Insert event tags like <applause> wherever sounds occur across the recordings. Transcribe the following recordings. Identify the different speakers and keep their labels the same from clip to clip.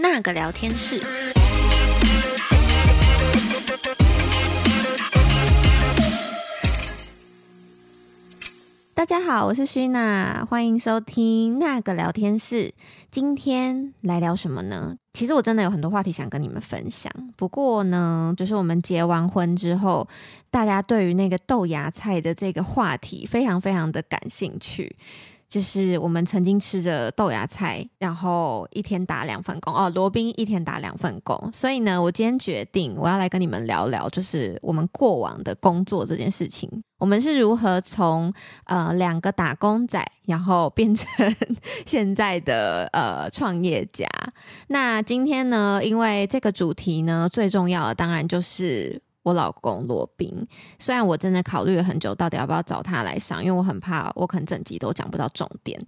Speaker 1: 那個聊天室。大家好，我是 Sheena，歡迎收聽那個聊天室。今天來聊什麼呢？其實我真的有很多話題想跟你們分享。不過呢，就是我們結完婚之後，大家對於那個豆芽菜的這個話題非常非常的感興趣。就是我們曾經吃着豆芽菜，然後一天打兩份工哦。羅賓一天打兩份工，所以呢，我今天決定我要來跟你們聊聊，就是我們過往的工作這件事情，我們是如何從呃兩個打工仔，然後變成現在的呃創業家。那今天呢，因為這個主題呢，最重要的當然就是。我老公羅賓，雖然我真的考慮了很久，到底要不要找他來上，因為我很怕我可能整集都講不到重點。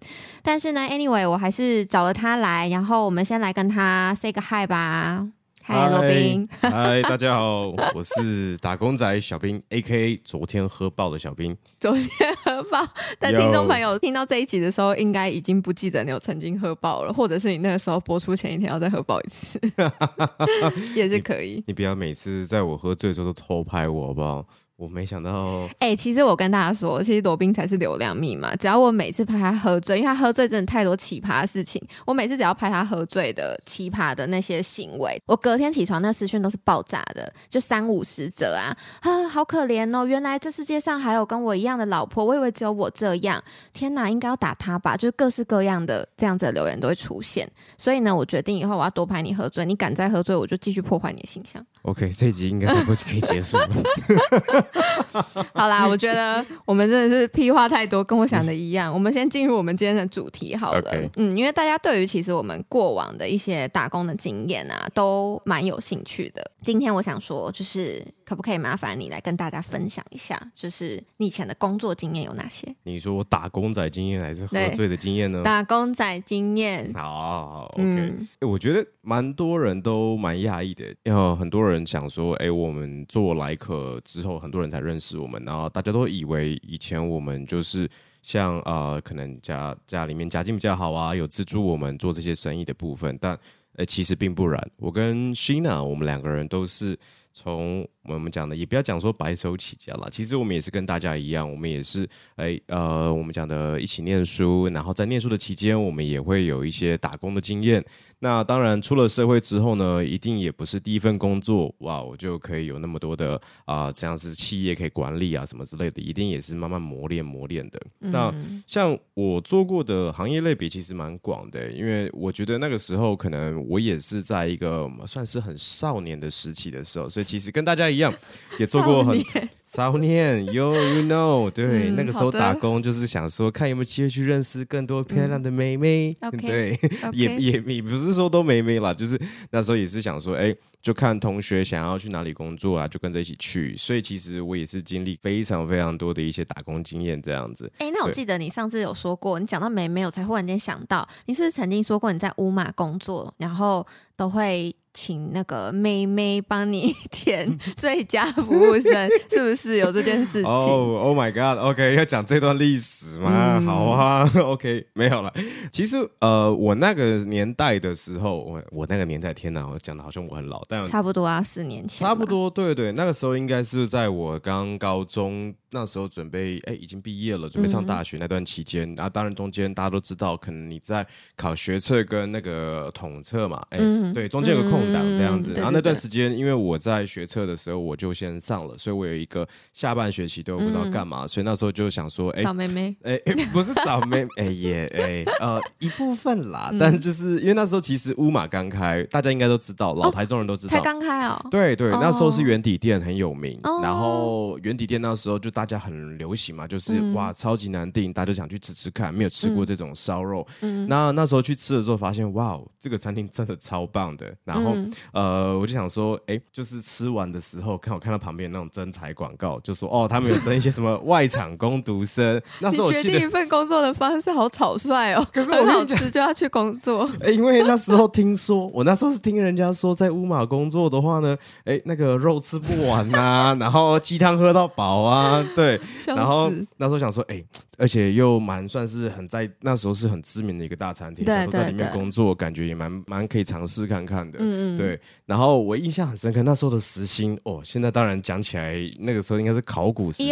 Speaker 1: 但是呢，Anyway，我還是找了他來，然後我們先來跟他 say 個 hi 吧。嗨，小賓！
Speaker 2: 嗨， <laughs> 大家好，我是打工仔小賓，aka。aka，昨天喝爆的小賓，
Speaker 1: 昨天喝爆，但聽眾朋友聽到這一集的時候，應該已經不記得你有曾經喝爆了，或者是你那個時候播出前一天要再喝
Speaker 2: 爆一次，
Speaker 1: <laughs> <laughs> 也是可以你。
Speaker 2: 你不要每次在我喝醉的時候都偷拍我吧，好不好？我沒想到、嗯，哎、
Speaker 1: 欸，其實我跟大家說，其實羅賓才是流量密碼。只要我每次拍他喝醉，因為他喝醉真的太多奇葩的事情，我每次只要拍他喝醉的奇葩的那些行為，我隔天起床那私訊都是爆炸的，就三五十則啊啊，好可憐哦！原來這世界上還有跟我一樣的老婆，我以為只有我這樣，天哪，應該要打他吧？就是各式各樣的這樣子的留言都會出現，所以呢，我決定以後我要多拍你喝醉，你敢再喝醉，我就繼續破壞你的形象。
Speaker 2: OK，這一集應該就可以結束
Speaker 1: 了。 <laughs> <laughs> <laughs> 好啦，我覺得我們真的是屁話太多，跟我想的一樣。我們先進入我們今天的主題好了。Okay. 嗯，因為大家對於其實我們過往的一些打工的經驗啊，都蠻有興趣的。今天我想說，就是可不可以麻煩你來跟大家分享一下，就是你以前的工作經驗有哪些？
Speaker 2: 你說我打工仔經驗還是喝醉的經驗呢？打
Speaker 1: 工仔經驗。
Speaker 2: 好，好，好、嗯、
Speaker 1: ，OK、欸。
Speaker 2: 我覺得蠻多人都蠻訝異的，因、呃、為很多人。人講說，哎、欸，我們做萊可之後，很多人才認識我們，然後大家都以為以前我們就是像呃，可能家家裡面家境比較好啊，有資助我們做這些生意的部分，但、欸、其實並不然。我跟 Sheena，我們兩個人都是從。我們講的也不要講說白手起家了，其實我們也是跟大家一樣，我們也是哎呃，我們講的一起念書，然後在念書的期間，我們也會有一些打工的經驗。那當然出了社會之後呢，一定也不是第一份工作，哇，我就可以有那麼多的啊、呃，這樣子企業可以管理啊什麼之類的，一定也是慢慢磨練磨練的、嗯。那像我做過的行業類別其實蠻廣的，因為我覺得那個時候可能我也是在一個算是很少年的時期的時候，所以其實跟大家一樣。樣也做過很少年，you you know， <laughs> 對、嗯，那個時候打工就是想說，看有沒有機會去認識更多漂亮的妹妹。嗯、對，okay, <laughs> okay. 也也你不是說都妹妹啦，就是那時候也是想說，哎、欸，就看同學想要去哪裡工作啊，就跟着一起去。所以其實我也是經歷非常非常多的一些打工經驗，這樣子。哎、欸，那我記
Speaker 1: 得你上次有說過，你講到妹妹，我才忽然間想到，你是不是曾經說過你在烏馬工作，然後都會。請那個妹妹幫你填最佳服務生，是不是有這件事情？哦 <laughs>
Speaker 2: oh，Oh my God，OK，okay，要講這段歷史嗎？好啊，OK，沒有了。其實，呃，我那個年代的時候，我我那個年代，天啊，我講的好像我很老，但差
Speaker 1: 不多啊，四年
Speaker 2: 前，差不多，對對，那個時候應該是在我剛剛高中，那時候準備哎、欸，已經畢業了，準備上大學那段期間、嗯嗯，然後當然中間大家都知道，可能你在考學測跟那個統測嘛，哎、欸嗯，對，中間有個空檔這樣子嗯嗯對對對。然後那段時間，因為我在學測的時候，我就先上了，所以我有一個下半學期都不知道幹嘛嗯嗯，所以那時候就想說，哎、欸，找妹妹，哎、欸欸，不是找妹妹，哎也哎，呃，一部分啦。嗯、但是就是因為那時候其實烏馬剛開，大家應該都知道，老台中人都知道，哦、才剛開哦。對對，那時候是圓底店很有名，哦、然後圓底店那時候就大。大家很流行嘛，就是、嗯、哇，超級難訂。大家就想去吃吃看，沒有吃過這種燒肉。嗯，那那時候去吃的時候，發現哇，這個餐廳真的超棒的。然後、嗯、呃，我就想說，哎、欸，就是吃完的時候，看我看到旁邊那種徵才廣告，就說哦，他們有徵一些什麼外場工讀生。 <laughs> 那時候我覺得你決定一
Speaker 1: 份工作的方式好草率哦，可是我很好吃就要去工作。
Speaker 2: 欸、因為那時候聽說， <laughs> 我那時候是聽人家說，在烏馬工作的話呢，哎、欸，那個肉吃不完啊， <laughs> 然後雞湯喝到飽啊。對，然後那時候想說，哎、欸，而且又蠻算是很在那時候是很知名的一個大餐廳，想說在裡面工作，對對對，感覺也蠻蠻可以嘗試看看的，嗯嗯。對。然後我印象很深刻，那時候的時薪哦，現在當然講起來那個時候應該是考古時薪。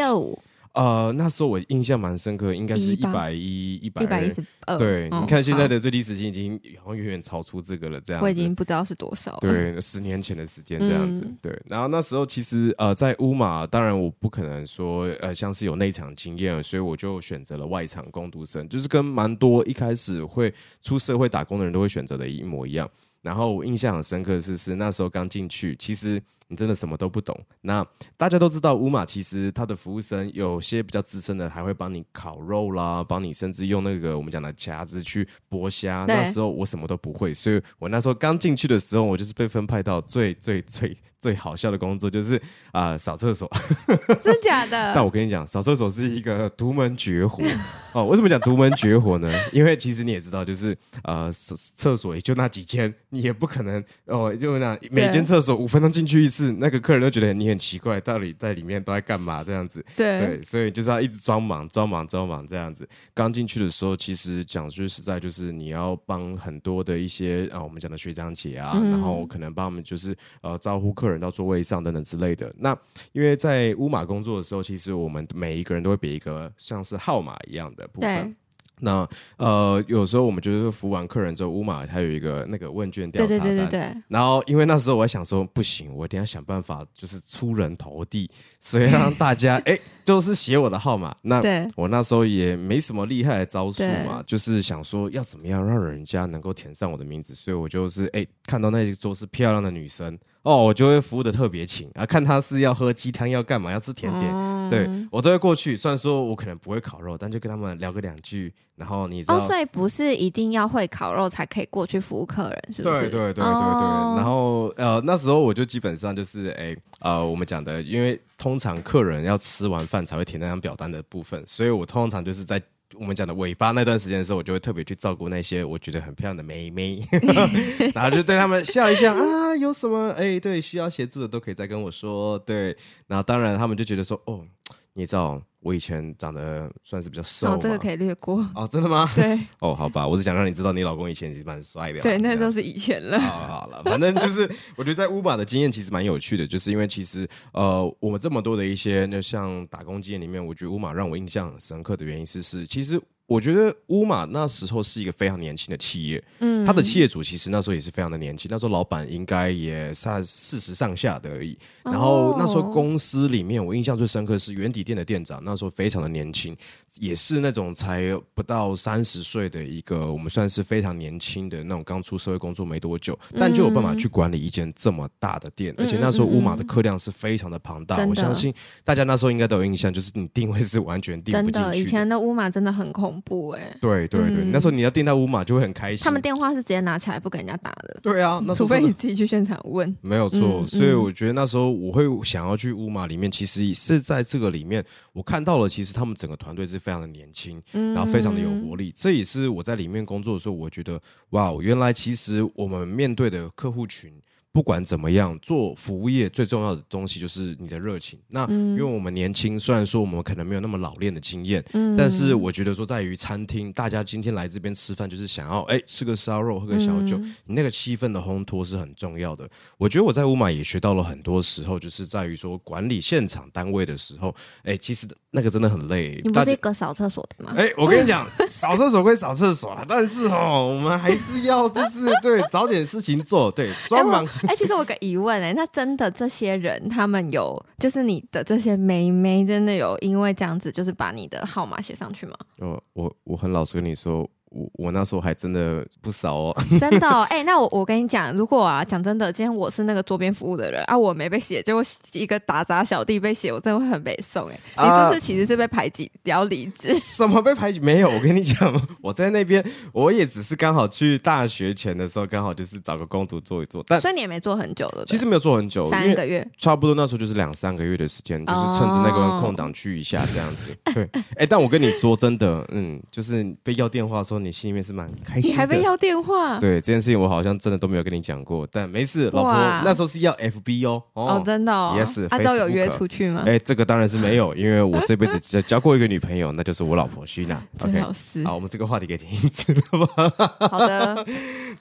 Speaker 2: 呃，那時候我印象蠻深刻，應該是一百一一百一十二。112, 對、嗯，你看現在的最低時薪已經好像遠遠超出這個了。這樣我已經不
Speaker 1: 知道是多少。對，
Speaker 2: 十年前的時間這樣子。嗯、對，然後那時候其實呃，在烏馬，當然我不可能說呃像是有內場經驗，所以我就選擇了外場工讀生，就是跟蠻多一開始會出社會打工的人都會選擇的一模一樣。然後我印象很深刻的是，是那時候剛進去，其實。你真的什麼都不懂。那大家都知道，屋馬其實他的服務生有些比較資深的，還會幫你烤肉啦，幫你甚至用那個我們講的夾子去剝蝦。那時候我什麼都不會，所以我那時候剛進去的時候，我就是被分派到最最最最好笑的工作，就是啊、呃、掃廁所。
Speaker 1: <laughs> 真假的？ <laughs> 但我
Speaker 2: 跟你講，掃廁所是一個獨門絕活 <laughs> 哦。為什麼講獨門絕活呢？ <laughs> 因為其實你也知道，就是呃廁所也就那幾間，你也不可能哦，就那每間廁所五分鐘進去一次。是那個客人都覺得很你很奇怪，到底在裡面都在幹嘛這樣子？對，對，所以就是他一直裝忙，裝忙，裝忙這樣子。剛進去的時候，其實講句實在，就是你要幫很多的一些啊，我們講的學長姐啊，嗯、然後可能幫我們就是呃招呼客人到座位上等等之類的。那因為在烏馬工作的時候，其實我們每一個人都會有一個像是號碼一樣的部分。對。那呃，有時候我們就是服完客人之後，烏馬還有一個那個問卷調查單。對對對對,對,對。然後，因為那時候我還想說，不行，我一定要想辦法，就是出人頭地，所以讓大家哎。 <laughs> 誒就是寫我的號碼，那我那時候也沒什麼厲害的招數嘛，就是想說要怎麼樣讓人家能夠填上我的名字，所以我就是哎、欸，看到那一桌是漂亮的女生，哦，我就會服務的特別勤啊，看她是要喝雞湯要幹嘛，要吃甜點，嗯、對我都會過去。雖然說我可能不會烤肉，但就跟他們聊個兩句，然後你知道哦，所以
Speaker 1: 不是一定要會烤肉才可以過去服務客人，是不是？對對對對對。哦、然
Speaker 2: 後呃，那時候我就基本上就是哎、欸，呃，我們講的，因為。通常客人要吃完飯才會填那張表單的部分，所以我通常就是在我們講的尾巴那段時間的時候，我就會特別去照顧那些我覺得很漂亮的妹妹 <laughs> <laughs> 然後就對他們笑一笑啊，有什麼哎對需要協助的都可以再跟我說，對，然後當然他們就覺得說哦。你知道，我以前長得算是比較瘦，哦，這個可以略過。哦，真的嗎？對。哦，好吧，我是想讓你知道，你老公以前其實蠻帥的。對，
Speaker 1: 那就是以前了，好
Speaker 2: 了。好了，反正就是， <laughs> 我覺得在烏馬的經驗其實蠻有趣的，就是因為其實，呃，我們這麼多的一些那像打工經驗裡面，我覺得烏馬讓我印象深刻的原因是，是其實。我覺得烏馬那時候是一個非常年輕的企業，嗯，他的企業主其實那時候也是非常的年輕，那時候老板應該也三四十上下的而已，哦。然後那時候公司裡面，我印象最深刻是原底店的店長，那時候非常的年輕，也是那種才不到三十歲的一個，我們算是非常年輕的那種剛出社會工作沒多久，但就有辦法去管理一間這麼大的店，嗯，而且那時候烏馬的客量是非常的龐大的，我相信大家那時候應該都有印象，就是你定位是完全定不進去的。以前
Speaker 1: 的烏馬真的很恐怖。不
Speaker 2: 哎，對對對、嗯，那時候你要訂到烏馬就會很開心。他們
Speaker 1: 電話是直接拿起來不給人家打的、嗯，對啊，那除非你自己去現場問、嗯，沒有錯。所以我
Speaker 2: 覺得那時候我會想要去烏馬裡面，其實也是在這個裡面我看到了，其實他們整個團隊是非常的年輕，然後非常的有活力。這也是我在裡面工作的時候，我覺得哇，原來其實我們面對的客戶群。不管怎麼樣，做服務業最重要的東西就是你的熱情。那因為我們年輕，嗯、雖然說我們可能沒有那麼老練的經驗，嗯、但是我覺得說，在於餐廳，大家今天來這邊吃飯，就是想要哎吃個燒肉，喝個小酒、嗯，你那個氣氛的烘托是很重要的。我覺得我在烏馬也學到了很多時候，就是在於說管理現場單位的時候，哎，其實那個真的很累。你們這
Speaker 1: 個掃廁所的嗎？哎，我跟你講，
Speaker 2: 掃廁所歸掃廁所啦， <laughs> 但是哦，我們還是要就是對 <laughs> 找點事情做，對，專
Speaker 1: 門。哎、欸，其實我有個疑問哎、欸，那真的這些人，他們有就是你的這些妹妹，真的有因為這樣子，就是把你的號碼寫上去嗎？
Speaker 2: 呃、哦，我我很老實跟你說。我我那時候還真的不少哦， <laughs> 真
Speaker 1: 的哎、哦欸，那我我跟你講，如果啊講真的，今天我是那個桌邊服務的人啊，我沒被寫，就一個打雜小弟被寫，我真的會很沒送哎。你這次其實是被排擠、比較理智。什麼
Speaker 2: 被排擠？沒有，我跟你講，我在那邊，我也只是剛好去大學前的時候，剛好就是找個工讀做一做，但雖然你也
Speaker 1: 沒做很久了，其實沒有做很久，三個月，
Speaker 2: 差不多那時候就是兩三個月的時間、哦，就是趁着那個空檔去一下這樣子。 <laughs> 對，哎、欸，但我跟你說真的，嗯，就是被要電話的時候，你心裡面是蠻開心的，你還沒要
Speaker 1: 電話？對
Speaker 2: 這件事情，我好像真的都沒有跟你講過。但沒事，老婆那時候是要 FB 哦。哦，哦真的、哦，也、yes, 是、啊。啊，照有約出去嗎？哎、欸，這個當然是沒有，因為我這輩子只交過一個女朋友， <laughs> 那就是我老婆徐娜。Shina okay. 真老師，好，我們這個話題給停止了
Speaker 1: 吧。好
Speaker 2: 的。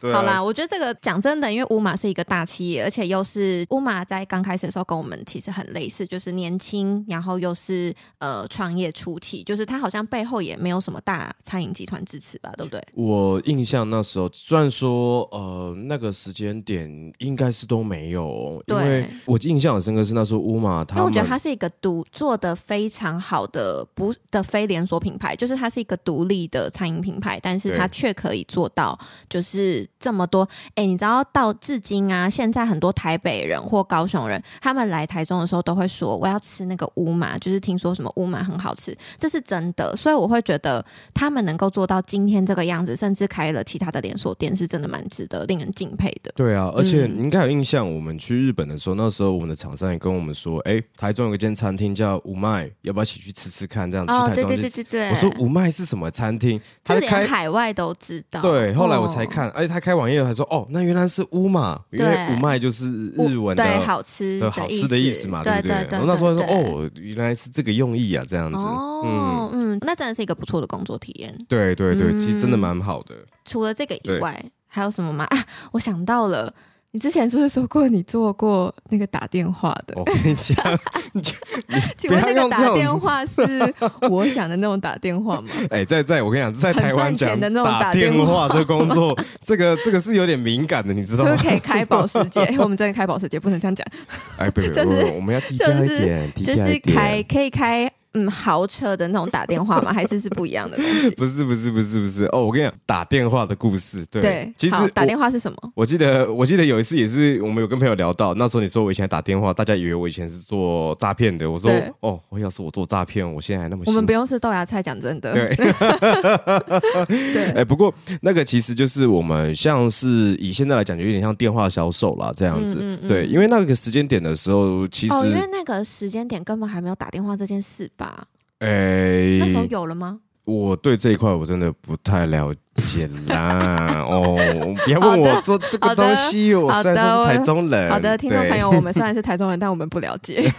Speaker 2: 啊、好啦，我
Speaker 1: 覺得這個講真的，因為烏馬是一個大企業，而且又是烏馬在剛開始的時候跟我們其實很類似，就是年輕，然後又是呃創業初期，就是它好像背後也沒有什麼大餐飲集團支持吧，對不對？
Speaker 2: 我印象那時候雖然說呃那個時間點應該是都沒有，對。我印象很深刻的是那時候烏馬他，因為我覺得它
Speaker 1: 是一個獨做的非常好的不的非連鎖品牌，就是它是一個獨立的餐飲品牌，但是它卻可以做到就是。這麼多哎，欸、你知道到至今啊，現在很多台北人或高雄人，他們來台中的時候都會說我要吃那個烏馬，就是聽說什麼烏馬很好吃，這是真的。所以我會覺得他們能夠做到今天這個樣子，甚至開了其他的連鎖店，是真的蠻值得令人敬佩的。
Speaker 2: 對啊，而且你應該有印象，我們去日本的時候，那時候我們的廠商也跟我們說，哎、欸，台中有一間餐廳叫五麥，要不要一起去吃吃看？這樣子。哦，去台中，對對對對對對。我說五麥是什麼餐廳？就連海
Speaker 1: 外都知道。對，後來我才
Speaker 2: 看，哎、哦，他、欸。開，開網頁，他說：“哦，那原來是屋嘛，因為五麥就是日文的‘對好吃的’的好吃的意思嘛，對對對，對，對，不對？”然後那時候說：“對對對對哦，原來是這個用意啊，這樣子。哦”
Speaker 1: 哦、嗯，嗯，那真的是一個不錯的工作體驗。
Speaker 2: 對對對，其實真的蠻好的。嗯、
Speaker 1: 除了這個以外，還有什麼嗎？啊，我想到了。你之前是不是說過你做過那個打電話的？我、oh, 跟你講， <laughs> 請問那個打電話是我想的那種打電話嗎？
Speaker 2: 哎、 <laughs> 欸，在在，我跟你講，在台灣講的那種打電話，這工作，這個這個是有點敏感的，你知道嗎？可以開保時捷，
Speaker 1: 我們在開保時捷，不能這樣講。
Speaker 2: 哎，不不不，我們要低調一點，低調一點。就是開
Speaker 1: 可以開。嗯，豪車的那種打電話嗎？還是是不一樣的
Speaker 2: <laughs> 不是不是不是不是哦，我跟你講打電話的故事。對，對其實打電話是什麼？我，我記得我記得有一次也是，我們有跟朋友聊到那時候，你說我以前打電話，大家以為我以前是做詐騙的。我說哦，我要是我做詐騙，我現在還那麼……我們
Speaker 1: 不用吃豆芽菜，講真的。對，
Speaker 2: 哎 <laughs> 對、 <laughs> 欸，不過那個其實就是我們像是以現在來講，就有點像電話銷售啦，這樣子嗯嗯嗯。對，因為那個時間點的時候，其實、哦、因
Speaker 1: 為那個時間點根本還沒有打電話這件事吧。
Speaker 2: 哎、欸，那時候有了嗎？我對這一塊我真的不太了解啦，哦。別問我做這個東西，我雖然說是台中人。好的，好的，聽眾朋友，我們雖
Speaker 1: 然是台中人，但我們不了解。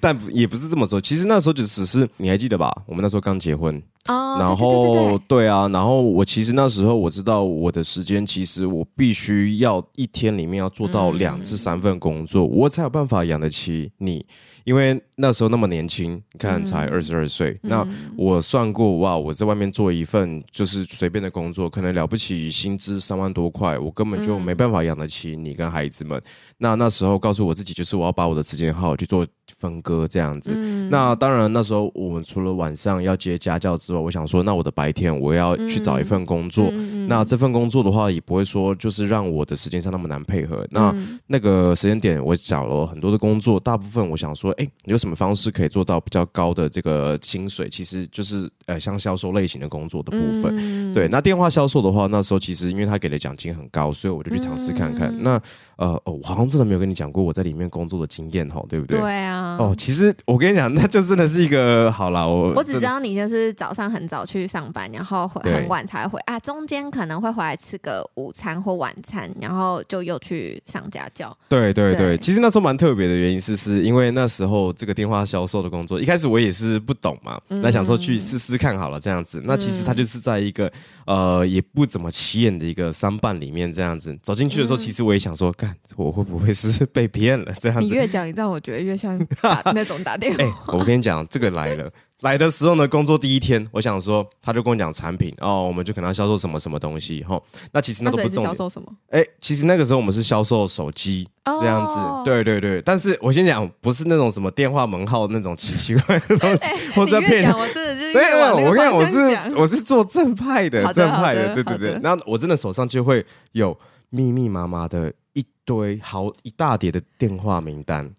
Speaker 2: 但也不是這麼說，其實那時候就只是你還記得吧？我們那時候剛結婚、哦、然後對，對，對，對，對，對，對啊，然後我其實那時候我知道我的時間，其實我必須要一天裡面要做到兩至三份工作，嗯，我才有辦法養得起你。因為那時候那麼年輕，你、嗯、看才二十二歲，嗯，那我算過，哇，我在外面做一份就是隨便的工作，可能了不起薪資。是三萬多塊，我根本就沒辦法養得起你跟孩子們、嗯。那那時候告訴我自己，就是我要把我的時間好好去做。分割這樣子、嗯，那當然那時候我們除了晚上要接家教之外，我想說，那我的白天我要去找一份工作、嗯嗯嗯。那這份工作的話，也不會說就是讓我的時間上那麼難配合、嗯。那那個時間點，我找了很多的工作，大部分我想說，哎，有什麼方式可以做到比較高的這個薪水？其實就是呃，像銷售類型的工作的部分、嗯嗯。對，那電話銷售的話，那時候其實因為他給的獎金很高，所以我就去嘗試看看、嗯嗯。那呃，哦，我好像真的沒有跟你講過我在裡面工作的經驗哈，對不對？對啊。哦，其實我跟你講，那就真的是一個好了。我我只知道
Speaker 1: 你就是早上很早去上班，然後回很晚才回啊，中間可能會回來吃個午餐或晚餐，然後就又去上家教。對
Speaker 2: 對對，對其實那時候蠻特別的原因是，是因為那時候這個電話銷售的工作，一開始我也是不懂嘛，嗯、那想說去試試看好了這樣子。那其實他就是在一個、嗯、呃也不怎麼起眼的一個商辦裡面這樣子走進去的時候，其實我也想說，幹、嗯、我會不會是被騙了這樣子？你越
Speaker 1: 講，你讓我覺得越像。哈，那種打電
Speaker 2: 話， <laughs> 哎、欸，我跟你講，這個來了， <laughs> 來的時候呢，工作第一天，我想說，他就跟我講產品哦，我們就跟他銷售什麼什麼東西，哦，那其實那都不重要。銷售什麼？哎、欸，其實那個時候我們是銷售手機、哦、這樣子，對對對。但是我先講，不是那種什麼電話門號那種奇奇怪怪的東西，欸欸、在的我在騙你對，對、嗯、對，我看 <laughs> 我是我是做正派的，的正派的，的，對對對。那我真的手上就會有密密麻麻的一堆好一大疊的電話名單。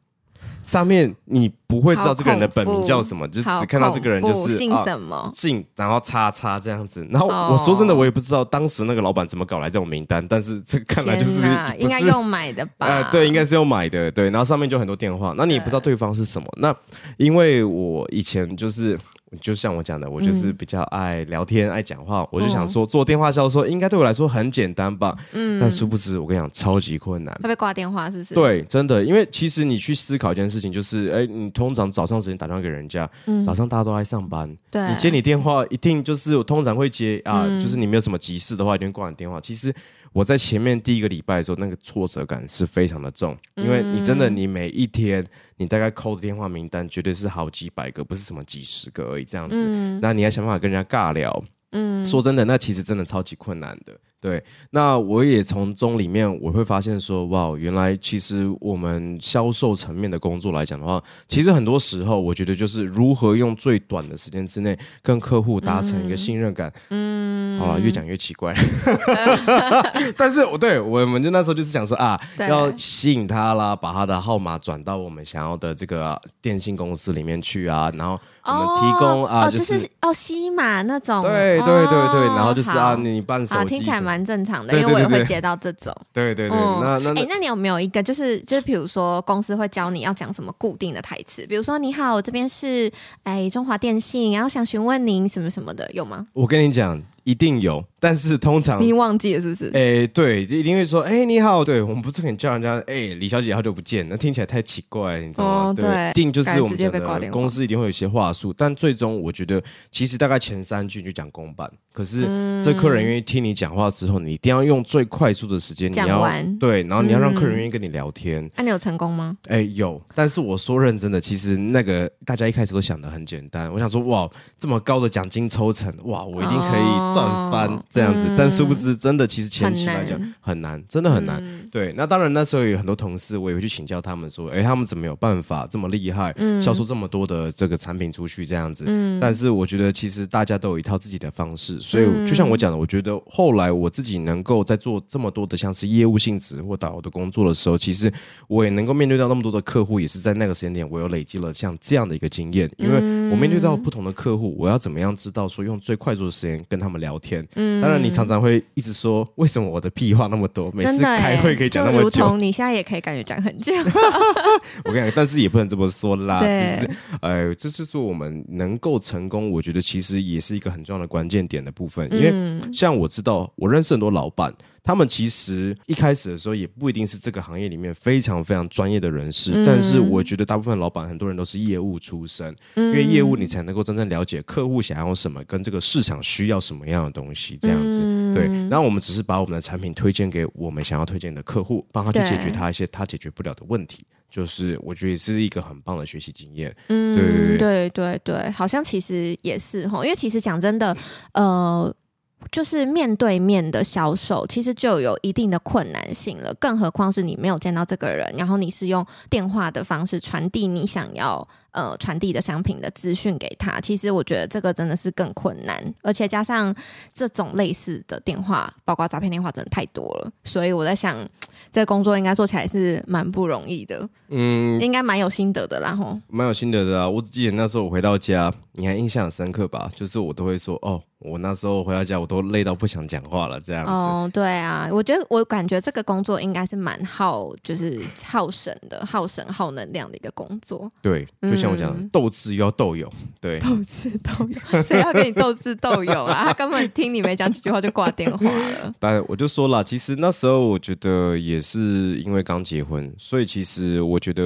Speaker 2: 上面你不會知道這個人的本名叫什麼，就只看到這個人就是姓、啊、什麼姓，然後叉叉這樣子。然後我說真的，我也不知道當時那個老闆怎麼搞來這種名單，但是這看來就是，是應該要
Speaker 1: 買的吧？呃，對，
Speaker 2: 應該是要買的。對，然後上面就很多電話，那你也不知道對方是什麼。那因為我以前就是。就像我講的，我就是比較愛聊天、嗯、愛講話，我就想說做電話銷售應該對我來說很簡單吧。嗯、但殊不知我跟你講超級困難，會
Speaker 1: 被掛電話，是不是？對，
Speaker 2: 真的，因為其實你去思考一件事情，就是哎，你通常早上時間打電話給人家、嗯，早上大家都愛上班，對，你接你電話一定就是我通常會接啊、呃嗯，就是你沒有什麼急事的話，一定掛你電話。其實。我在前面第一個禮拜的時候，那個挫折感是非常的重，嗯、因為你真的，你每一天你大概扣的電話名單絕對是好幾百個，不是什麼幾十個而已，這樣子、嗯，那你還想辦法跟人家尬聊、嗯，說真的，那其實真的超級困難的。對，那我也從中裡面我會發現說，哇，原來其實我們銷售層面的工作來講的話，其實很多時候我覺得就是如何用最短的時間之內跟客戶達成一個信任感。嗯，好、啊嗯、越講越奇怪。嗯、 <laughs> <laughs> 但是，我對，我們就那時候就是想說啊，要吸引他啦，把他的號碼轉到我們想要的這個、啊、電信公司裡面去啊，然後我
Speaker 1: 們提供啊，哦、就是、就是、哦，吸碼那種。對對對對、哦，然後就是啊，你辦手機、啊。聽起來蠻正常的，因為我也會接到這種。對
Speaker 2: 對對，對，對，對，對、嗯，那那、
Speaker 1: 欸、那你有沒有一個，就是就是，比如說公司會教你要講什麼固定的台詞，比如說你好，我這邊是哎中華電信，然後想詢問您什麼什麼的，有嗎？
Speaker 2: 我跟你講。一定有，但是通常你
Speaker 1: 忘記了是不是？
Speaker 2: 哎，對，一定會說，哎，你好，對，我們不是很叫人家，哎，李小姐好久不見，那聽起來太奇怪，你知道嗎？對，一定就是我們講的公司一定會有一些話術，但最終我覺得，其實大概前三句就講公辦，可是這客人願意聽你講話之後，你一定要用最快速的時間講完你要，對，然後你要讓客人願意跟你聊天。那、
Speaker 1: 嗯啊、你有成功嗎？
Speaker 2: 哎，有，但是我說認真的，其實那個大家一開始都想的很簡單，我想說，哇，這麼高的獎金抽成，哇，我一定可以，哦。賺翻，這樣子，哦嗯、但殊不知，真的其實前期來講很，很難，真的很難、嗯。對，那當然那時候有很多同事，我也會去請教他們說，哎、欸，他們怎麼有辦法這麼厲害，銷、嗯、售這麼多的這個產品出去這樣子？嗯、但是我覺得，其實大家都有一套自己的方式。所以，就像我講的，我覺得後來我自己能夠在做這麼多的像是業務性質或導遊的工作的時候，其實我也能夠面對到那麼多的客戶，也是在那個時間點，我有累積了像這樣的一個經驗。因為我面對到不同的客戶，我要怎麼樣知道說用最快速的時間跟他們聊。聊天，嗯，當然你常常會一直說為什麼我的屁話那麼多？每次開會可以講那麼久，同
Speaker 1: 你現在也可以感覺講很久。 <laughs> 我
Speaker 2: 跟你講，但是也不能這麼說啦，對就是，哎、呃，就是說我們能夠成功，我覺得其實也是一個很重要的關鍵點的部分，因為像我知道，我認識很多老板。他們其實一開始的時候也不一定是這個行業裡面非常非常專業的人士，嗯、但是我覺得大部分老板很多人都是業務出身，嗯、因為業務你才能夠真正了解客戶想要什麼，跟這個市場需要什麼樣的東西這樣子。嗯、對，然後我們只是把我們的產品推薦給我們想要推薦的客戶，幫他去解決他一些他解決不了的問題，就是我覺得也是一個很棒的學習經驗。嗯、對對
Speaker 1: 對對，好像其實也是，因為其實講真的，呃。就是面對面的銷售，其實就有一定的困難性了。更何況是你沒有見到這個人，然後你是用電話的方式傳遞你想要呃傳遞的商品的資訊給他。其實我覺得這個真的是更困難，而且加上這種類似的電話，包括詐騙電話，真的太多了。所以我在想，這個工作應該做起來是蠻不容易的。
Speaker 2: 嗯，應
Speaker 1: 該蠻有心得的啦，然後
Speaker 2: 蠻有心得的啊。我只記得那時候我回到家，你還印象很深刻吧？就是我都會說哦。我那時候回到家，我都累到不想講話了，這樣子。哦，
Speaker 1: 對啊，我覺得我感覺這個工作應該是蠻耗，就是耗神的、耗神耗能量的一個工作。對，就像我講的，
Speaker 2: 鬥智又要鬥勇。對，鬥智鬥勇，誰 <laughs> 要跟你鬥智鬥勇啊？ <laughs> 他
Speaker 1: 根本聽你沒講幾句話就掛電話了。 <laughs>
Speaker 2: 但我就說了，其實那時候我覺得也是因為剛結婚，所以其實我覺得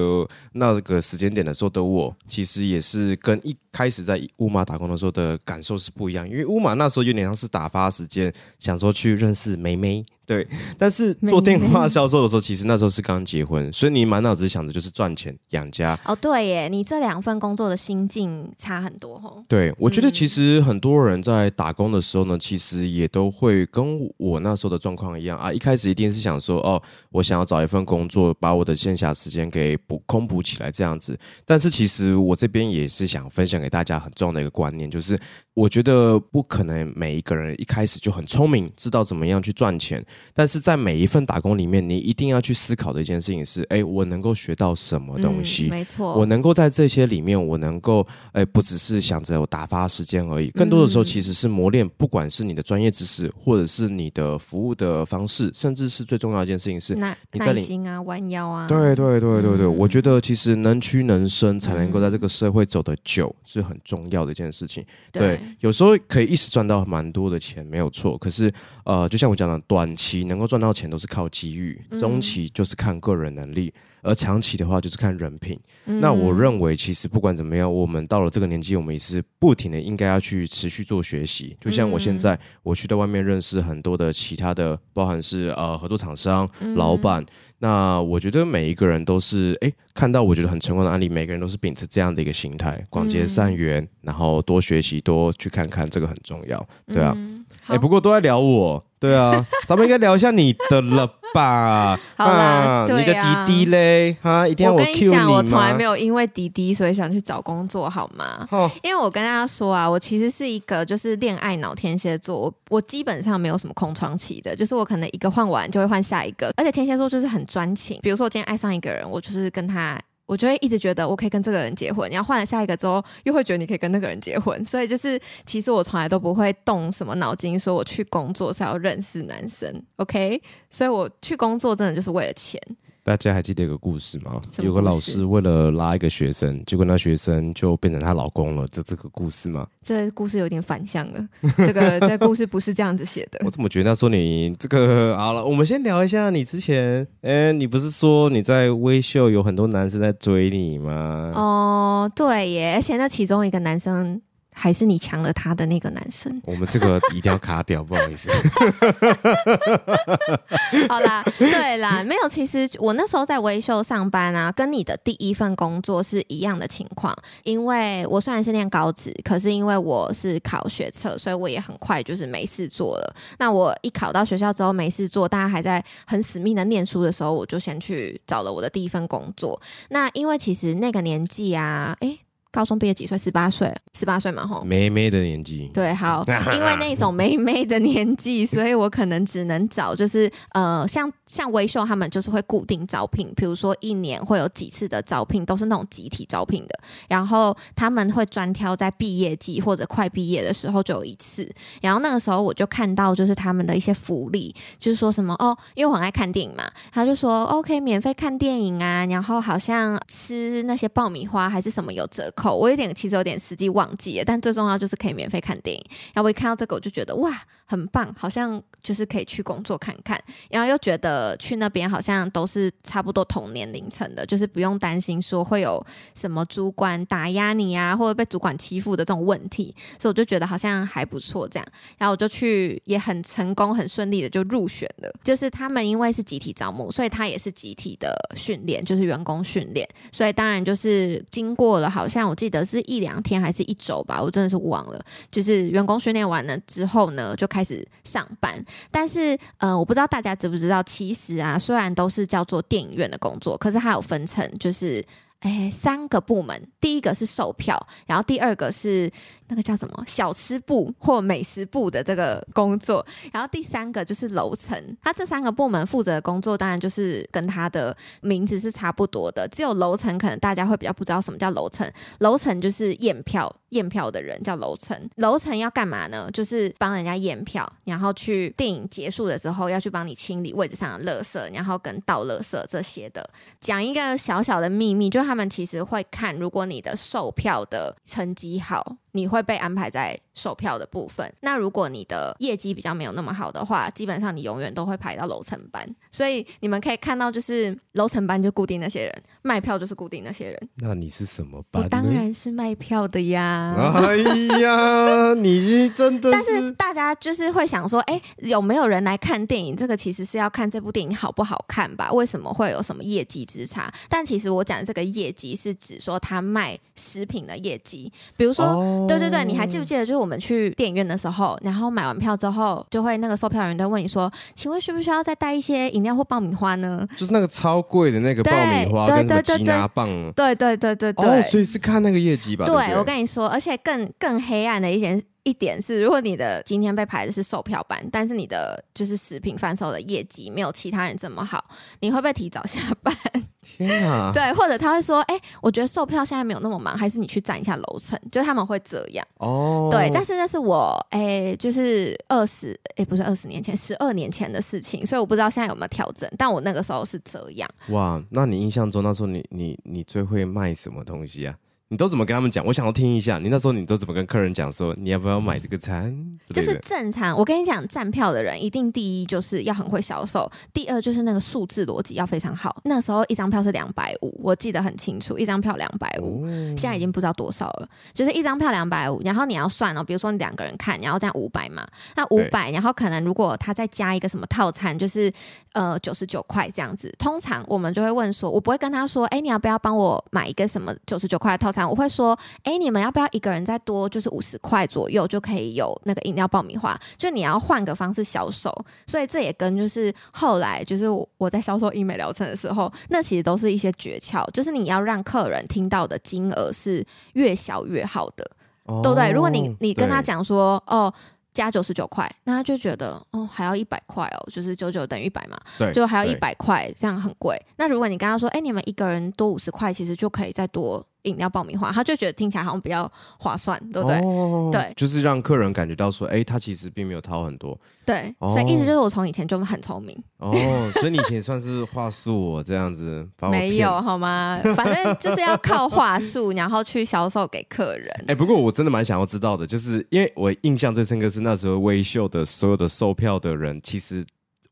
Speaker 2: 那個時間點的時候的我，其實也是跟一開始在烏馬打工的時候的感受是不一樣，因為烏馬。那時候有點像是打發時間，想說去認識妹妹。對，但是做電話銷售的時候，其實那時候是剛結婚， <laughs> 所以你滿腦子想的就是賺錢養家
Speaker 1: 哦。Oh, 對耶，你這兩份工作的心境差很多哦。
Speaker 2: 對，我覺得其實很多人在打工的時候呢，嗯、其實也都會跟我那時候的狀況一樣啊。一開始一定是想說，哦，我想要找一份工作，把我的閒暇時間給補空補起來這樣子。但是其實我這邊也是想分享給大家很重要的一個觀念，就是我覺得不可能每一個人一開始就很聰明，知道怎麼樣去賺錢。但是在每一份打工裡面，你一定要去思考的一件事情是：哎，我能夠學到什麼東西、嗯？沒錯，我能夠在這些裡面，我能夠哎，不只是想着我打發時間而已。更多的時候，其實是磨練，不管是你的專業知識，或者是你的服務的方式，甚至是最重要的一件事情是耐，你你耐心
Speaker 1: 啊，彎腰啊。對，
Speaker 2: 對對對對對，我覺得其實能屈能伸，才能夠在這個社會走得久、嗯、是很重要的一件事情對。對，有時候可以一時賺到蠻多的錢，沒有錯。可是呃，就像我講的短期。期能夠賺到錢都是靠機遇，中期就是看個人能力，嗯、而長期的話就是看人品。嗯、那我認為，其實不管怎麼樣，我們到了這個年紀，我們也是不停的應該要去持續做學習。就像我現在、嗯，我去到外面認識很多的其他的，包含是呃合作廠商、嗯、老闆。那我覺得每一個人都是哎、欸，看到我覺得很成功的案例，每個人都是秉持這樣的一個心態，廣結善緣、嗯，然後多學習，多去看看，這個很重要，對啊。哎、嗯欸，不過都在聊我。對啊，咱們應該聊一下你的了吧？ <laughs> 好啦，嗯啊、你的弟弟嘞？哈，一定要我 Q 你嗎？我從來沒有因
Speaker 1: 為弟弟所以想去找工作，好嗎、哦？因為我跟大家說啊，我其實是一個就是戀愛腦天蠍座，我我基本上沒有什麼空窗期的，就是我可能一個換完就會換下一個，而且天蠍座就是很專情，比如說我今天愛上一個人，我就是跟他。我就會一直覺得我可以跟這個人結婚，你要換了下一個之後，又會覺得你可以跟那個人結婚，所以就是其實我從來都不會動什麼腦筋，說我去工作是要認識男生，OK？所以我去工作真的就是為了錢。
Speaker 2: 大家還記得一個故事嗎？什麼故事？有個老師為了拉一個學生，結果那學生就變成她老公了。這這個故事嗎？
Speaker 1: 這故事有點反向了。這個 <laughs> 這個故事不是這樣子寫的。我
Speaker 2: 怎麼覺得說你這個好了？我們先聊一下你之前。哎，你不是說你在微秀有很多男生在追你嗎？
Speaker 1: 哦，Oh，對耶，而且那其中一個男生。還是你搶了他的那個男生？
Speaker 2: 我們這個一定要卡掉， <laughs> 不好意思。 <laughs>
Speaker 1: <laughs> 好啦，對啦，沒有。其實我那時候在維修上班啊，跟你的第一份工作是一樣的情況。因為我雖然是念高職，可是因為我是考學測，所以我也很快就是沒事做了。那我一考到學校之後沒事做，大家還在很死命的念書的時候，我就先去找了我的第一份工作。那因為其實那個年紀啊，哎、欸。高中畢業幾歲？十八歲，十八歲嘛，吼，
Speaker 2: 妹妹的年紀。對，好，因為那
Speaker 1: 種妹妹的年紀， <laughs> 所以我可能只能找，就是呃，像像威秀他們就是會固定招聘，比如說一年會有幾次的招聘，都是那種集體招聘的。然後他們會專挑在畢業季或者快畢業的時候就有一次。然後那個時候我就看到就是他們的一些福利，就是說什麼哦，因為我很愛看電影嘛，他就說 OK、哦、免費看電影啊，然後好像吃那些爆米花還是什麼有折扣。我有點，其實有點實際忘記了，但最重要就是可以免費看電影。然後我一看到這個，我就覺得哇！很棒，好像就是可以去工作看看，然後又覺得去那邊好像都是差不多同年齡層的，就是不用擔心說會有什麼主管打壓你啊，或者被主管欺負的這種問題，所以我就覺得好像還不錯這樣，然後我就去，也很成功，很順利的就入選了。就是他們因為是集體招募，所以他也是集體的訓練，就是員工訓練，所以當然就是經過了好像我記得是一兩天還是一週吧，我真的是忘了。就是員工訓練完了之後呢，就開開始上班，但是呃，我不知道大家知不知道，其實啊，雖然都是叫做電影院的工作，可是它有分成，就是哎、欸，三個部門，第一個是售票，然後第二個是。那個叫什麼小吃部或美食部的這個工作，然後第三個就是樓層。他這三個部門負責的工作，當然就是跟他的名字是差不多的。只有樓層可能大家會比較不知道什麼叫樓層。樓層就是驗票，驗票的人叫樓層。樓層要幹嘛呢？就是幫人家驗票，然後去電影結束的時候要去幫你清理位置上的垃圾，然後跟倒垃圾這些的。講一個小小的秘密，就他們其實會看，如果你的售票的成績好，你會。會被安排在售票的部分。那如果你的業績比較沒有那麼好的話，基本上你永遠都會排到樓層班。所以你們可以看到，就是樓層班就固定那些人，賣票就是固定那些人。
Speaker 2: 那你是什麼班？我當然
Speaker 1: 是賣票的呀！哎呀，
Speaker 2: 你是真的是…… <laughs> 但是
Speaker 1: 大家就是會想說，哎、欸，有沒有人來看電影？這個其實是要看這部電影好不好看吧？為什麼會有什麼業績之差？但其實我講的這個業績是指說他賣食品的業績，比如說，哦、對對，對。對，你還記不記得，就是我們去電影院的時候，然後買完票之後，就會那個售票員就問你說，請問需不需要再帶一些飲料或爆米花呢？就是那
Speaker 2: 個超貴的那個爆米花跟什麼吉拿棒？對對
Speaker 1: 對對對、對、對、對、對、對、對、哦。所以
Speaker 2: 是看那個業績吧？對、對、對。我跟
Speaker 1: 你說，而且更更黑暗的一點一點是，如果你的今天被排的是售票班，但是你的就是食品販售的業績沒有其他人這麼好，你會不會提早下班？對，或者他會說：“哎、欸，我覺得售票現在沒有那麼忙，還是你去站一下樓層。”就他們會這樣。
Speaker 2: 哦，對，但是那
Speaker 1: 是我，哎、欸，就是二十，哎，不是二十年前，十二年前的事情，所以我不知道現在有沒有調整。但我那個時候是這樣。
Speaker 2: 哇，那你印象中那時候你你你最會賣什麼東西啊？你都怎麼跟他們講？我想要聽一下。你那時候你都怎麼跟客人講說你要不要買這個餐？就是
Speaker 1: 正常，我跟你講，站票的人一定第一就是要很會銷售，第二就是那個數字邏輯要非常好。那時候一張票是兩百五，我記得很清楚，一張票兩百五，現在已經不知道多少了。就是一張票兩百五，然後你要算哦，比如說你兩個人看，然後這樣五百嘛。那五百，然後可能如果他再加一個什麼套餐，就是呃九十九塊這樣子。通常我們就會問說，我不會跟他說，哎，你要不要幫我買一個什麼九十九塊的套餐？我會說，哎、欸，你們要不要一個人再多，就是五十塊左右就可以有那個飲料爆米花？就你要換個方式銷售，所以這也跟就是後來就是我在銷售醫美療程的時候，那其實都是一些訣竅，就是你要讓客人聽到的金額是越小越好的，對、哦、不對？如果你你跟他講說，哦，加九十九塊，那他就覺得，哦，還要一百塊哦，就是九九等於一百嘛，對，就還要一百塊，這樣很貴。那如果你剛剛說，哎、欸，你們一個人多五十塊，其實就可以再多。飲、欸、料，爆米花，他就覺得聽起來好像比較划算，對不對？哦、對，就
Speaker 2: 是讓客人感覺到說，哎、欸，他其實並沒有掏很多。
Speaker 1: 對、哦，所以意思就是我從以前就很聰明。哦，所
Speaker 2: 以你以前算是話術哦， <laughs> 這樣子。沒有
Speaker 1: 好嗎？反正就是要靠話術， <laughs> 然後去銷售給客
Speaker 2: 人。哎、欸，不過我真的蠻想要知道的，就是因為我印象最深刻是那時候威秀的所有的售票的人，其實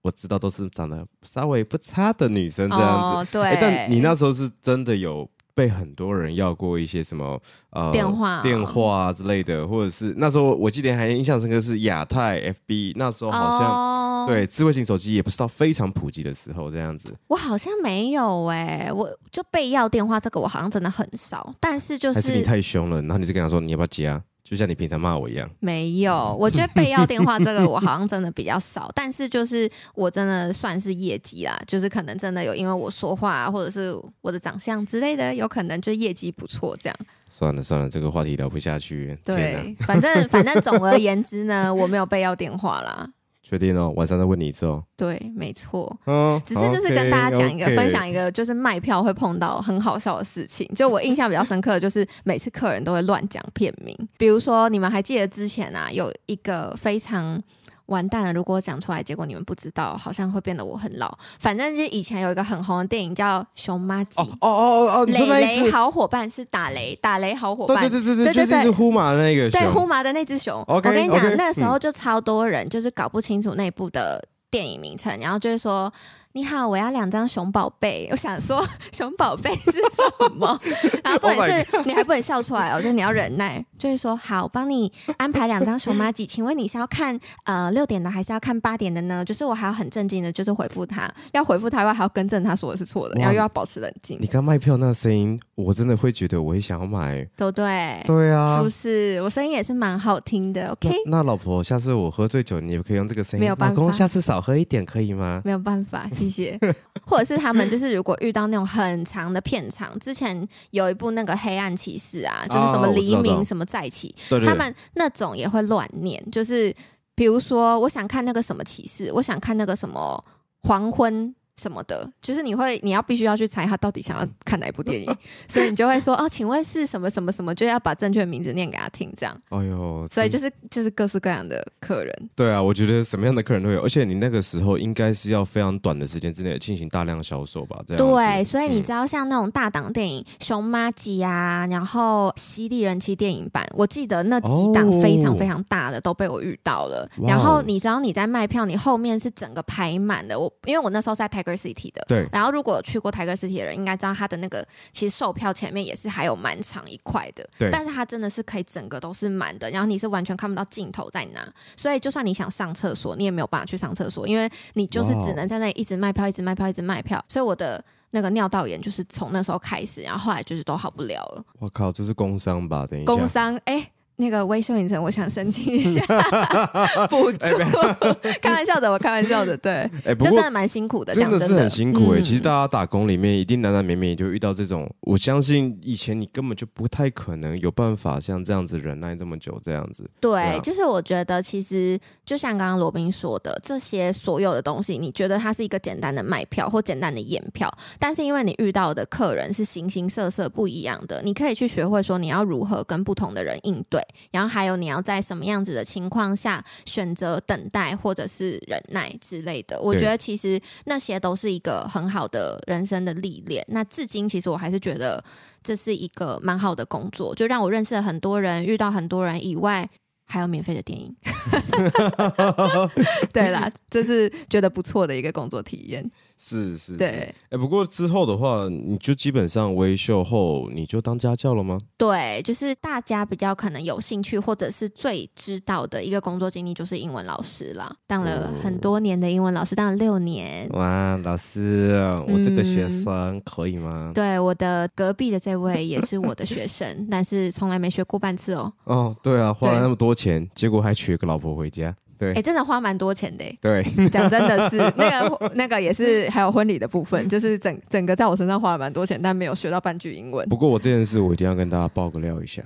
Speaker 2: 我知道都是長得稍微不差的女生這樣子。哦、對、欸。但你那時候是真的有被很多人要過一些什麼呃電話、哦、電話啊之類的，或者是那時候我記得還印象深刻是亞太 FB 那時候好像、哦、對，智慧型手機也不是到非常普及的時候這樣子，
Speaker 1: 我好像沒有誒、欸，我就被要電話這個我好像真的很少，但是就是還是你太
Speaker 2: 凶了，然後你就跟他說，你要不要接啊？就像你平常罵我一樣，
Speaker 1: 沒有。我覺得被要電話這個，我好像真的比較少。 <laughs> 但是就是我真的算是業績啦，就是可能真的有因為我說話啊，或者是我的長相之類的，有可能就業績不錯這樣。
Speaker 2: 算了算了，這個話題聊不下去。對，反正反正總而
Speaker 1: 言之呢， <laughs> 我沒有被要電話啦。
Speaker 2: 確定哦、喔，晚上再問你一次哦、喔。
Speaker 1: 對，沒錯，嗯、哦，只是就是跟大家講一個、哦 okay, okay，分享一個，就是賣票會碰到很好笑的事情。就我印象比較深刻的就是每次客人都會亂講片名， <laughs> 比如說你們還記得之前啊，有一個非常。完蛋了！如果我講出來，結果你們不知道，好像會變得我很老。反正就以前有一個很紅的電影叫《熊麻吉》，哦哦哦哦，雷雷好夥伴是打雷，打雷好夥伴，對對對對對，對，對，就是那只呼
Speaker 2: 麻的那個，對，呼麻
Speaker 1: 的那只熊。Okay, 我跟你講，okay, 那時候就超多人、嗯，就是搞不清楚那部的電影名稱，然後就是說。你好，我要兩張熊寶貝。我想說熊寶貝是什麼？ <laughs> 然後重點是、oh、你還不能笑出來、哦，我就是你要忍耐。 <laughs> 就是說好，幫你安排兩張熊媽吉。請問你是要看呃六點的，還是要看八點的呢？就是我還要很正經的，就是回復他，要回復他，又要還要更正他說的是錯的，然後、啊、又要保持冷靜。你
Speaker 2: 剛賣票那聲音，我真的會覺得我也想要買，
Speaker 1: 對對？
Speaker 2: 對啊，是不是？
Speaker 1: 我聲音也是蠻好聽的。OK，那，
Speaker 2: 那老婆，下次我喝醉酒，你也可以用這個聲音。沒有辦法，老公，下次少喝一點可以嗎？
Speaker 1: 沒有辦法。 <laughs> 些， <laughs> 或者是他們就是如果遇到那種很長的片場，之前有一部那個《黑暗騎士》啊，就是什麼黎明，什麼再起、哦，他們那種也會亂念，就是比如說我想看那個什麼騎士，我想看那個什麼黃昏。什麼的，就是你會你要必須要去猜他到底想要看哪一部電影， <laughs> 所以你就會說啊、哦，請問是什麼什麼什麼，就要把正確的名字念給他聽，這樣。
Speaker 2: 哎呦，所以就是
Speaker 1: 就是各式各樣的客人。
Speaker 2: 對啊，我覺得什麼樣的客人都有，而且你那個時候應該是要非常短的時間之內進行大量銷售吧？這樣。
Speaker 1: 對，所以你知道像那種大檔電影《嗯、熊麻吉》啊，然後犀利人妻電影版，我記得那幾檔非常非常大的、哦、都被我遇到了。然後你知道你在賣票，你後面是整個排滿的。我因為我那時候在台 City 的，對。然後如果去過 Tiger City 的人，應該知道他的那個其實售票前面也是還有蠻長一塊的，對。但是它真的是可以整個都是滿的，然後你是完全看不到盡頭在哪，所以就算你想上廁所，你也沒有辦法去上廁所，因為你就是只能在那一直賣票，一直賣票，一直賣票，一直賣票。所以我的那個尿道炎就是從那時候開始，然後後來就是都好不了了。
Speaker 2: 我靠，這是工傷吧？等於工
Speaker 1: 傷哎。欸那個威秀影城，我想申請一
Speaker 2: 下 <laughs> <laughs> 部署笑、欸，不
Speaker 1: <laughs> 開玩笑的，我開玩笑的，對、欸，就真的蠻辛苦的，的，的。真的是很辛
Speaker 2: 苦哎、欸嗯，其實大家打工裡面一定難難免免就遇到這種，我相信以前你根本就不太可能有辦法像這樣子忍耐這麼久這樣子。
Speaker 1: 對，就是我覺得其實就像剛剛羅賓說的，這些所有的東西，你覺得它是一個簡單的賣票或簡單的驗票，但是因為你遇到的客人是形形色色不一樣的，你可以去學會說你要如何跟不同的人應對。然後還有你要在什麼樣子的情況下選擇等待或者是忍耐之類的，我覺得其實那些都是一個很好的人生的歷練。那至今其實我還是覺得這是一個蠻好的工作，就讓我認識了很多人，遇到很多人以外，還有免費的電影。
Speaker 2: <laughs>
Speaker 1: 對啦，這、就是覺得不錯的一個工作體驗。
Speaker 2: 是是是，哎，不過之後的話，你就基本上微秀後，你就當家教了嗎？
Speaker 1: 對，就是大家比較可能有興趣或者是最知道的一個工作經歷，就是英文老師了。當了很多年的英文老師，哦，當了六年。
Speaker 2: 哇，老師，我這個學生可以嗎？嗯、對，
Speaker 1: 我的隔壁的這位也是我的學生， <laughs> 但是從來沒學過半次哦。
Speaker 2: 哦，對啊，花了那麼多錢，結果還娶一個老婆回家。對，哎、欸，真
Speaker 1: 的花蠻多錢的、欸。對，講真的是那個那個也是，還有婚禮的部分，就是整整個在我身上花了蠻多錢，但沒有學到半句英文。
Speaker 2: 不過我這件事，我一定要跟大家爆個料一下。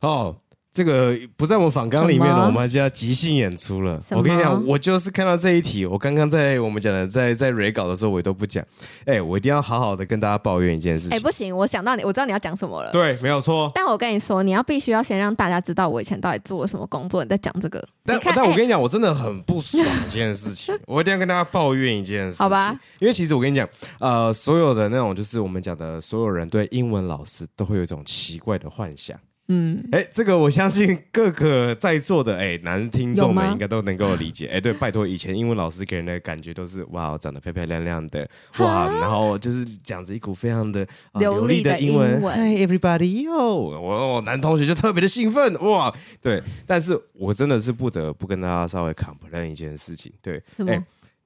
Speaker 2: 好。這個不在我們訪綱裡面了，我們就要即興演出了。我跟你講，我就是看到這一題，我剛剛在我們講的在在 re 稿的時候，我也都不講。哎、欸，我一定要好好的跟大家抱怨一件事情。
Speaker 1: 哎、欸，不行，我想到你，我知道你要講什麼了。
Speaker 2: 對，沒有錯。
Speaker 1: 但我跟你說，你要必須要先讓大家知道我以前到底做了什麼工作，你在講這個。
Speaker 2: 但但我跟你講、欸，我真的很不爽一件事情， <laughs> 我一定要跟大家抱怨一件事情。好吧，因為其實我跟你講，呃，所有的那種就是我們講的所有人對英文老師都會有一種奇怪的幻想。嗯，哎，這個我相信各個在座的哎男聽眾們應該都能夠理解。哎，對，拜託，以前英文老師給人的感覺都是哇，我長得漂漂亮亮的，哇，然後就是講着一股非常的、啊、流利的英文，文 Hi, everybody 喲、哦，我男同學就特別的興奮，哇，對。但是我真的是不得不跟大家稍微 complain 一件事情，對，哎，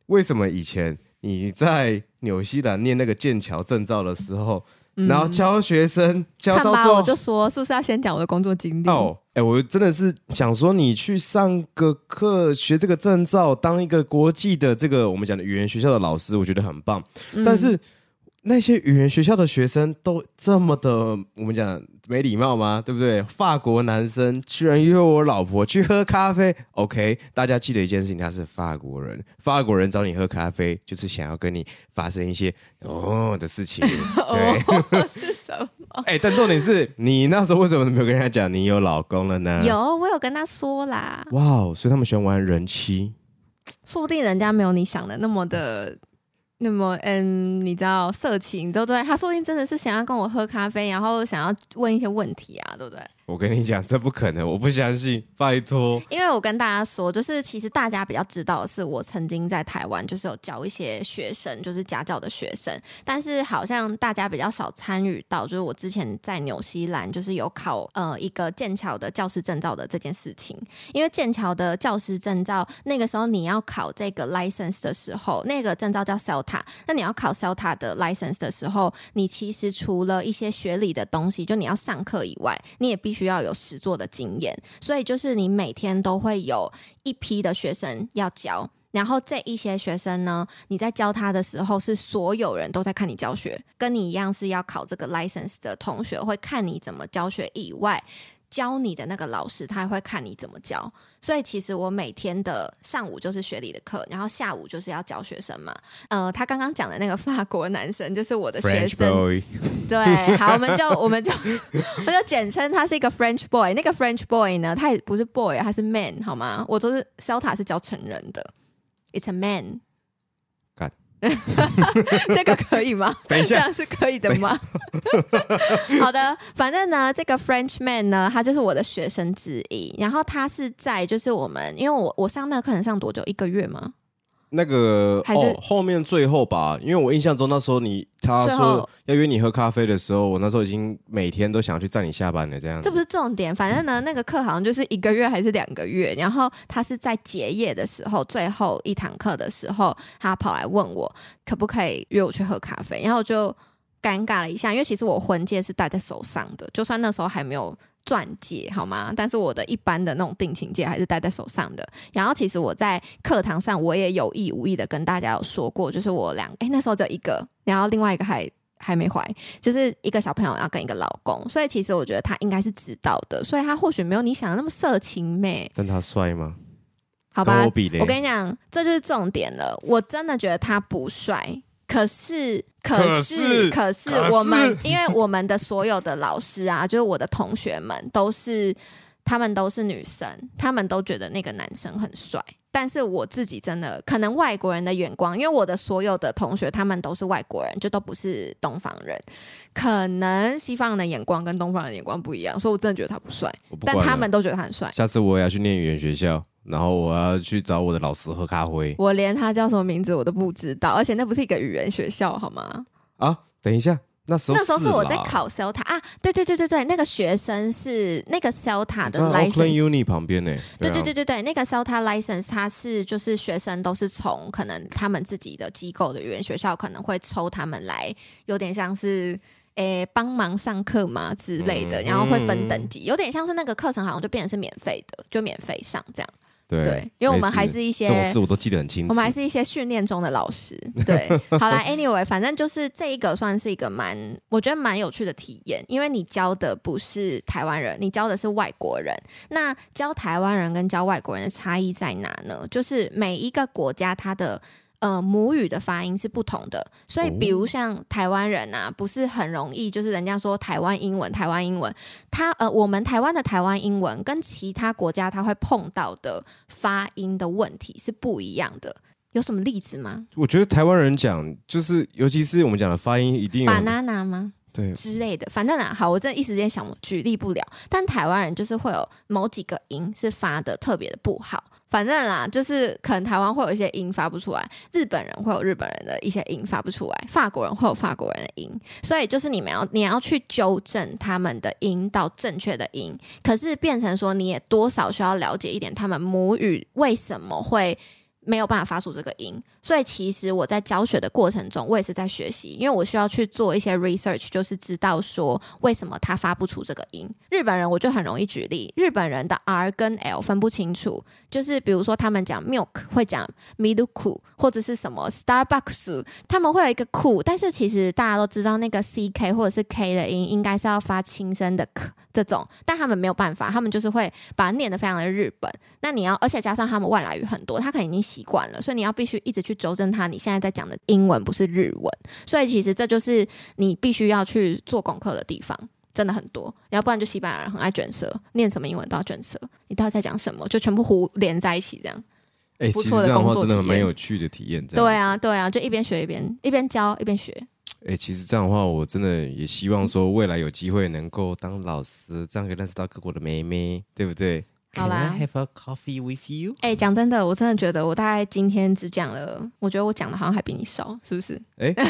Speaker 2: 為什麼以前你在紐西蘭念那個劍橋證照的時候，然後教學生教到之後，我就
Speaker 1: 說是不是要先講我的工作經
Speaker 2: 歷？哦，哎、欸，我真的是想說，你去上個課學這個證照，當一個國際的這個我們講的語言學校的老師，我覺得很棒。嗯、但是那些語言學校的學生都這麼的，我們講的。沒禮貌嗎？對不對？法國男生居然約我老婆去喝咖啡。OK，大家記得一件事情，他是法國人。法國人找你喝咖啡，就是想要跟你發生一些哦的事情 <laughs> 對。哦，是什麼？哎、 <laughs> 欸，但重點是你那時候為什麼沒有跟人家講你有老公了呢？有，
Speaker 1: 我有跟他說啦。
Speaker 2: 哇、wow, 所以他們喜歡玩人妻，
Speaker 1: 說不定人家沒有你想的那麼的，那麼，嗯，你知道色情，對不對？他說不定真的是想要跟我喝咖啡，然後想要問一些問題啊，對不對？
Speaker 2: 我跟你講，這不可能，我不相信，拜托。
Speaker 1: 因為我跟大家說，就是其實大家比較知道的是，我曾經在台灣就是有教一些學生，就是家教的學生。但是好像大家比較少參與到，就是我之前在紐西蘭就是有考呃一個劍橋的教師證照的這件事情。因為劍橋的教師證照，那個時候你要考這個 license 的時候，那個證照叫 CELTA，那你要考 CELTA 的 license 的時候，你其實除了一些學理的東西，就你要上課以外，你也必須。需要有實作的經驗，所以就是你每天都會有一批的學生要教，然後這一些學生呢，你在教他的時候，是所有人都在看你教學，跟你一樣是要考這個 license 的同學會看你怎麼教學以外，教你的那個老師他也會看你怎麼教。所以其實我每天的上午就是學理的課，然後下午就是要教學生嘛。呃，他剛剛講的那個法國男生就是我的學
Speaker 2: 生， <laughs> 對，好，我們就我
Speaker 1: 們就 <laughs> 我就簡稱他是一個 French boy。那個 French boy 呢，他也不是 boy，他是 man，好嗎？我都是 Celta 是教成人的，It's a man。 <laughs> 這個可以嗎？這樣是可以的嗎？ <laughs> 好的，反正呢，這個 Frenchman 呢，他就是我的學生之一。然後他是在就是我們，因為我我上那課能上多久？一個月嗎？
Speaker 2: 那個後、哦、後面最後吧，因為我印象中那時候你他說要約你喝咖啡的時候，我那時候已經每天都想要去載你下班了這樣。這不
Speaker 1: 是重點，反正呢，那個課好像就是一個月還是兩個月，然後他是在結業的時候最後一堂課的時候，他跑來問我可不可以約我去喝咖啡，然後就尷尬了一下，因為其實我婚戒是戴在手上的，就算那時候還沒有。鑽戒好嗎？但是我的一般的那種定情戒還是戴在手上的。然後其實我在課堂上我也有意無意的跟大家有說過，就是我兩哎，那時候只有一個，然後另外一個還還沒懷，就是一個小朋友要跟一個老公，所以其實我覺得他應該是知道的，所以他或許沒有你想的那麼色情妹。
Speaker 2: 但他帥嗎？好吧，我我跟
Speaker 1: 你講，這就是重點了，我真的覺得他不帥。可是，可，是可是，可是，可是，我們因為我們的所有的老師啊， <laughs> 就是我的同學們，都是他們都是女生，他們都覺得那個男生很帥。但是我自己真的，可能外國人的眼光，因為我的所有的同學他們都是外國人，就都不是東方人，可能西方人的眼光跟東方人的眼光不一樣，所以我真的覺得他不帥。但他們都覺得他很帥。
Speaker 2: 下次我也要去念語言學校。然後我要去找我的老師喝咖啡。
Speaker 1: 我連他叫什麼名字我都不知道，而且那不是一個語言學校，好嗎？
Speaker 2: 啊，等一下，那時候是，時候是我在考
Speaker 1: CELTA 啊，對對對對對，那個學生是那個 CELTA 的 License Uni 旁邊呢、欸啊。對對對對對，那個 CELTA License 他是就是學生都是從可能他們自己的機構的語言學校可能會抽他們來，有點像是誒幫、欸、忙上課嘛之類的、嗯，然後會分等級，嗯、有點像是那個課程好像就變成是免費的，就免費上這樣。
Speaker 2: 對，對，因為我們還是一些，這種事我都記得很清楚。我們還是一
Speaker 1: 些訓練中的老師對， <laughs> 好啦，anyway，反正就是這一個算是一個蠻，我覺得蠻有趣的體驗，因為你教的不是台灣人，你教的是外國人。那教台灣人跟教外國人的差異在哪呢？就是每一個國家它的。呃，母語的發音是不同的，所以比如像台灣人啊、哦，不是很容易，就是人家說台灣英文，台灣英文，他呃，我們台灣的台灣英文跟其他國家他會碰到的發音的問題是不一樣的，有什麼例子嗎？
Speaker 2: 我覺得台灣人講，就是尤其是我們講的發音，一定。Banana 嗎？之
Speaker 1: 類的，反正啦、啊，好，我真的一時間想舉例不了。但台灣人就是會有某幾個音是發的特別的不好，反正啦、啊，就是可能台灣會有一些音發不出來，日本人會有日本人的一些音發不出來，法國人會有法國人的音，所以就是你們要你要去糾正他們的音到正確的音，可是變成說你也多少需要了解一點他們母語為什麼會。沒有辦法發出這個音，所以其實我在教學的過程中，我也是在學習，因為我需要去做一些 research，就是知道說為什麼他發不出這個音。日本人我就很容易舉例，日本人的 r 跟 l 分不清楚，就是比如說他們講 milk 會講 middle cool 或者是什麼 Starbucks，他們會有一個 cool，但是其實大家都知道那個 ck 或者是 k 的音，應該是要發輕聲的 k。這種，但他們沒有辦法，他們就是會把它念得非常的日本。那你要，而且加上他們外來語很多，他可能已經習慣了，所以你要必須一直去糾正他。你現在在講的英文不是日文，所以其實這就是你必須要去做功課的地方，真的很多。要不然就西班牙人很愛捲舌，念什麼英文都要捲舌，你到底在講什麼？就全部糊連在一起這樣。
Speaker 2: 欸，不錯的工作，其實這樣的話真的蠻有趣的體驗。對
Speaker 1: 啊，對啊，就一邊學一邊一邊教一邊學。
Speaker 2: 哎、欸，其實這樣的話，我真的也希望說，未來有機會能夠當老師，這樣可以認識到各國的妹妹，對不對？好啦，Have a coffee with you。
Speaker 1: 哎、欸，講真的，我真的覺得我大概今天只講了，我覺得我講的好像還比你少，是不是？哎、
Speaker 2: 欸， <laughs>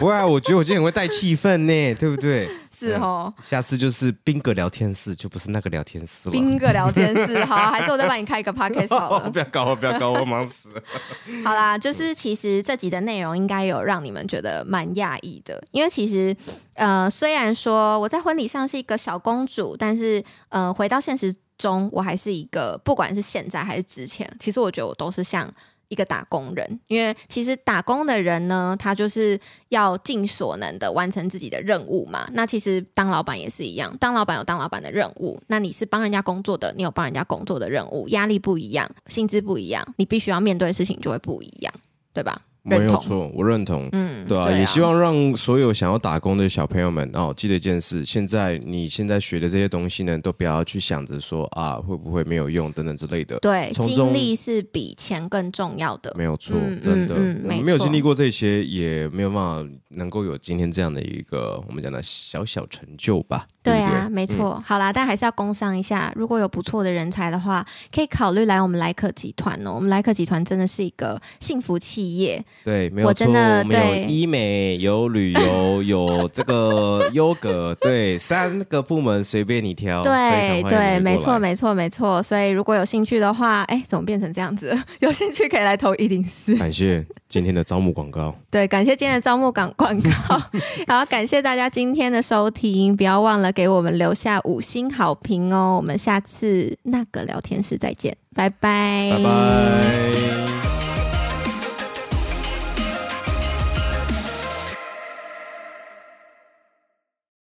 Speaker 2: 不過、啊、我覺得我今天會帶氣氛呢， <laughs> 對不對？是哦、嗯，下次就是賓哥聊天室，就不是那個聊天室了。賓哥聊天室，好、啊，還是我再幫你開一個 podcast 好了、 <laughs> 哦、不要搞我，不要搞我，我忙死
Speaker 1: 了 <laughs> 好啦，就是其實這集的內容應該有讓你們覺得蠻訝異的，因為其實呃，雖然說我在婚禮上是一個小公主，但是呃，回到現實。中我還是一個，不管是現在還是之前，其實我覺得我都是像一個打工人，因為其實打工的人呢，他就是要盡所能的完成自己的任務嘛。那其實當老闆也是一樣，當老闆有當老闆的任務，那你是幫人家工作的，你有幫人家工作的任務，壓力不一樣，性質不一樣，你必須要面對的事情就會不一樣，對吧？沒有錯，
Speaker 2: 我認同。嗯對、啊，對啊，也希望讓所有想要打工的小朋友們哦，記得一件事：現在你現在學的這些東西呢，都不要去想着說啊，會不會沒有用等等之類的。對，從中，經歷
Speaker 1: 是比錢更重要的。
Speaker 2: 沒有錯、嗯，真的。嗯嗯沒有經歷過這些、嗯，也沒有辦法能夠有今天這樣的一個我們講的小小成就吧。對,對啊，沒錯、嗯。
Speaker 1: 好啦，但還是要工商一下。如果有不錯的人才的話，可以考慮來我們萊可集團哦。我們萊可集團真的是一個幸福企業。
Speaker 2: 對，沒有錯。我們對有醫美，有旅遊， <laughs> 有這個優格，對，三個部門隨便你挑。 <laughs> 對對,對，沒錯
Speaker 1: 沒錯沒錯。所以如果有興趣的話，哎，怎麼變成這樣子？有興趣可以來投一零
Speaker 2: 四。感謝今天的招募廣告。
Speaker 1: 對，感謝今天的招募崗廣告。 <laughs> 好，感謝大家今天的收聽，不要忘了。給我們留下五星好評哦！我們下次那個聊天室再見，拜拜，拜拜。